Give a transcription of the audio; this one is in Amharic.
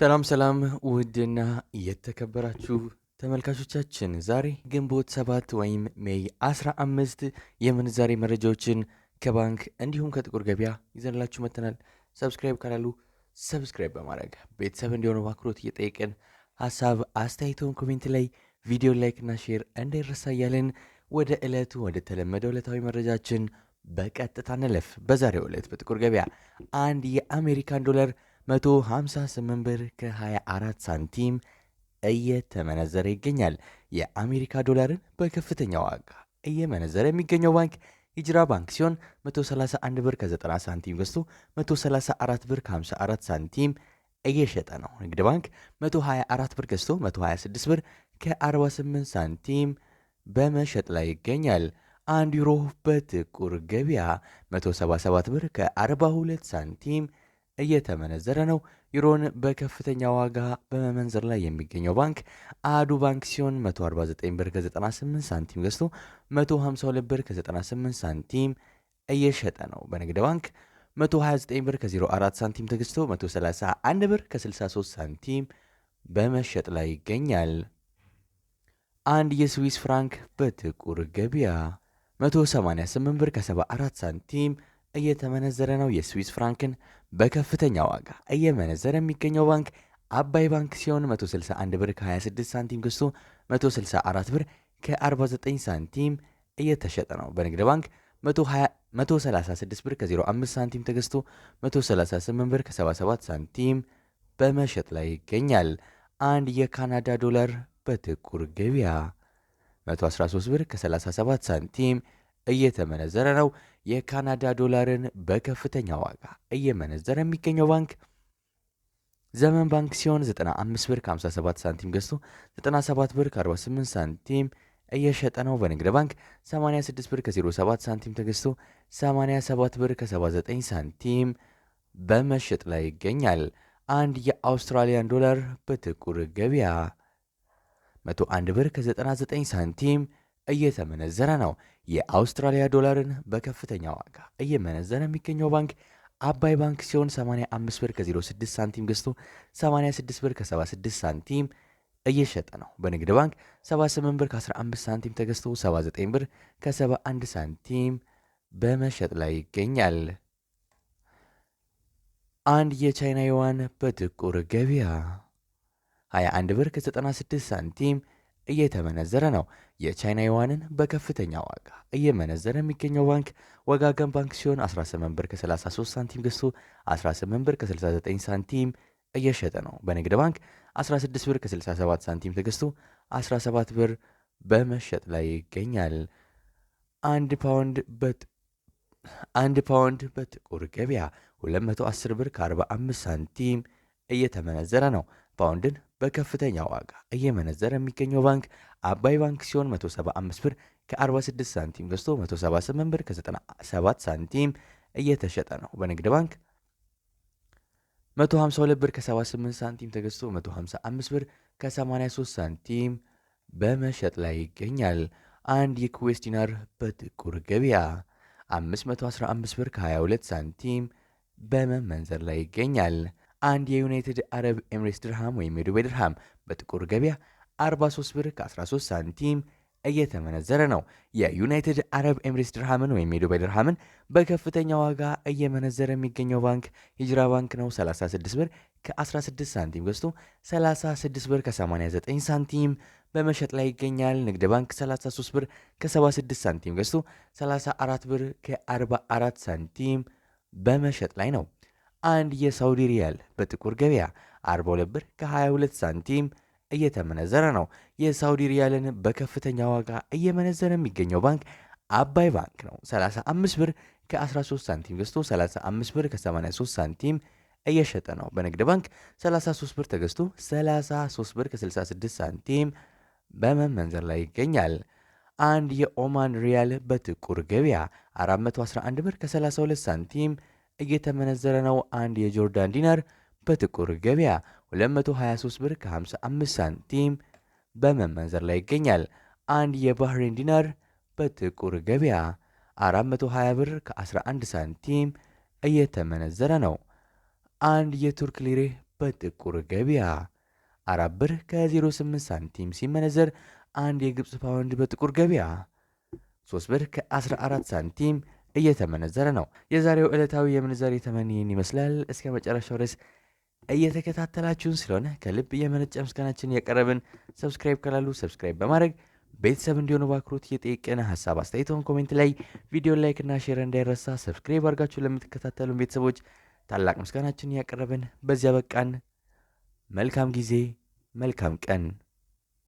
ሰላም ሰላም ውድና የተከበራችሁ ተመልካቾቻችን ዛሬ ግንቦት ሰባት ወይም ሜይ 15 የምንዛሬ መረጃዎችን ከባንክ እንዲሁም ከጥቁር ገበያ ይዘንላችሁ መጥተናል። ሰብስክራይብ ካላሉ ሰብስክራይብ በማድረግ ቤተሰብ እንዲሆኑ በአክብሮት እየጠየቅን ሀሳብ አስተያየቶን ኮሜንት ላይ ቪዲዮ ላይክና ሼር እንዳይረሳ እያልን ወደ ዕለቱ ወደ ተለመደው ዕለታዊ መረጃችን በቀጥታ እንለፍ። በዛሬው ዕለት በጥቁር ገበያ አንድ የአሜሪካን ዶላር 158 ብር ከ24 ሳንቲም እየተመነዘረ ይገኛል። የአሜሪካ ዶላርን በከፍተኛ ዋጋ እየመነዘረ የሚገኘው ባንክ ሂጅራ ባንክ ሲሆን 131 ብር ከ90 ሳንቲም ገዝቶ 134 ብር ከ54 ሳንቲም እየሸጠ ነው። ንግድ ባንክ 124 ብር ገዝቶ 126 ብር ከ48 ሳንቲም በመሸጥ ላይ ይገኛል። አንድ ዩሮ በጥቁር ገበያ 177 ብር ከ42 ሳንቲም እየተመነዘረ ነው። ዩሮን በከፍተኛ ዋጋ በመመንዘር ላይ የሚገኘው ባንክ አዱ ባንክ ሲሆን 149 ብር ከ98 ሳንቲም ገዝቶ 152 ብር ከ98 ሳንቲም እየሸጠ ነው። በንግድ ባንክ 129 ብር ከ04 ሳንቲም ተገዝቶ 131 ብር ከ63 ሳንቲም በመሸጥ ላይ ይገኛል። አንድ የስዊስ ፍራንክ በጥቁር ገበያ 188 ብር ከ74 ሳንቲም እየተመነዘረ ነው። የስዊስ ፍራንክን በከፍተኛ ዋጋ እየመነዘረ የሚገኘው ባንክ አባይ ባንክ ሲሆን 161 ብር ከ26 ሳንቲም ገዝቶ 164 ብር ከ49 ሳንቲም እየተሸጠ ነው። በንግድ ባንክ 136 ብር ከ05 ሳንቲም ተገዝቶ 138 ብር ከ77 ሳንቲም በመሸጥ ላይ ይገኛል። አንድ የካናዳ ዶላር በጥቁር ገበያ 113 ብር ከ37 ሳንቲም እየተመነዘረ ነው። የካናዳ ዶላርን በከፍተኛ ዋጋ እየመነዘረ የሚገኘው ባንክ ዘመን ባንክ ሲሆን 95 ብር 57 ሳንቲም ገዝቶ 97 ብር 48 ሳንቲም እየሸጠ ነው። በንግድ ባንክ 86 ብር ከ07 ሳንቲም ተገዝቶ 87 ብር ከ79 ሳንቲም በመሸጥ ላይ ይገኛል። አንድ የአውስትራሊያን ዶላር በጥቁር ገበያ 101 ብር ከ99 ሳንቲም እየተመነዘረ ነው። የአውስትራሊያ ዶላርን በከፍተኛ ዋጋ እየመነዘነ የሚገኘው ባንክ አባይ ባንክ ሲሆን 85 ብር ከ06 ሳንቲም ገዝቶ 86 ብር ከ76 ሳንቲም እየሸጠ ነው። በንግድ ባንክ 78 ብር ከ15 ሳንቲም ተገዝቶ 79 ብር ከ71 ሳንቲም በመሸጥ ላይ ይገኛል። አንድ የቻይና ዩዋን በጥቁር ገበያ 21 ብር ከ96 ሳንቲም እየተመነዘረ ነው። የቻይና ዩዋንን በከፍተኛ ዋጋ እየመነዘረ የሚገኘው ባንክ ወጋገን ባንክ ሲሆን 18 ብር ከ33 ሳንቲም ገዝቶ 18 ብር ከ69 ሳንቲም እየሸጠ ነው። በንግድ ባንክ 16 ብር ከ67 ሳንቲም ተገዝቶ 17 ብር በመሸጥ ላይ ይገኛል። አንድ ፓውንድ አንድ ፓውንድ በጥቁር ገበያ 210 ብር ከ45 ሳንቲም እየተመነዘረ ነው። ፓውንድን በከፍተኛ ዋጋ እየመነዘረ የሚገኘው ባንክ አባይ ባንክ ሲሆን 175 ብር ከ46 ሳንቲም ገዝቶ 178 ብር ከ97 ሳንቲም እየተሸጠ ነው። በንግድ ባንክ 152 ብር ከ78 ሳንቲም ተገዝቶ 155 ብር ከ83 ሳንቲም በመሸጥ ላይ ይገኛል። አንድ የኩዌስ ዲናር በጥቁር ገበያ 515 ብር ከ22 ሳንቲም በመመንዘር ላይ ይገኛል። አንድ የዩናይትድ አረብ ኤምሬስ ድርሃም ወይም የዱባይ ድርሃም በጥቁር ገበያ 43 ብር ከ13 ሳንቲም እየተመነዘረ ነው። የዩናይትድ አረብ ኤምሬስ ድርሃምን ወይም የዱባይ ድርሃምን በከፍተኛ ዋጋ እየመነዘረ የሚገኘው ባንክ ሂጅራ ባንክ ነው። 36 ብር ከ16 ሳንቲም ገዝቶ 36 ብር ከ89 ሳንቲም በመሸጥ ላይ ይገኛል። ንግድ ባንክ 33 ብር ከ76 ሳንቲም ገዝቶ 34 ብር ከ44 ሳንቲም በመሸጥ ላይ ነው። አንድ የሳውዲ ሪያል በጥቁር ገበያ 42 ብር ከ22 ሳንቲም እየተመነዘረ ነው። የሳውዲ ሪያልን በከፍተኛ ዋጋ እየመነዘረ የሚገኘው ባንክ አባይ ባንክ ነው። 35 ብር ከ13 ሳንቲም ገዝቶ 35 ብር ከ83 ሳንቲም እየሸጠ ነው። በንግድ ባንክ 33 ብር ተገዝቶ 33 ብር ከ66 ሳንቲም በመመንዘር ላይ ይገኛል። አንድ የኦማን ሪያል በጥቁር ገበያ 411 ብር ከ32 ሳንቲም እየተመነዘረ ነው። አንድ የጆርዳን ዲናር በጥቁር ገበያ 223 ብር ከ55 ሳንቲም በመመንዘር ላይ ይገኛል። አንድ የባህሬን ዲናር በጥቁር ገበያ 420 ብር ከ11 ሳንቲም እየተመነዘረ ነው። አንድ የቱርክ ሊሬ በጥቁር ገበያ 4 ብር ከ08 ሳንቲም ሲመነዘር አንድ የግብፅ ፓውንድ በጥቁር ገበያ 3 ብር ከ14 ሳንቲም እየተመነዘረ ነው። የዛሬው ዕለታዊ የምንዛሬ ተመን ይህን ይመስላል። እስከ መጨረሻው ድረስ እየተከታተላችሁን ስለሆነ ከልብ የመነጨ ምስጋናችን ያቀረብን። ሰብስክራይብ ካላሉ ሰብስክራይብ በማድረግ ቤተሰብ እንዲሆኑ በአክብሮት እየጠየቅን ሀሳብ አስተያየቶን ኮሜንት ላይ ቪዲዮ ላይክና ሼር እንዳይረሳ። ሰብስክራይብ አድርጋችሁ ለምትከታተሉን ቤተሰቦች ታላቅ ምስጋናችን ያቀረብን። በዚያ በቃን። መልካም ጊዜ፣ መልካም ቀን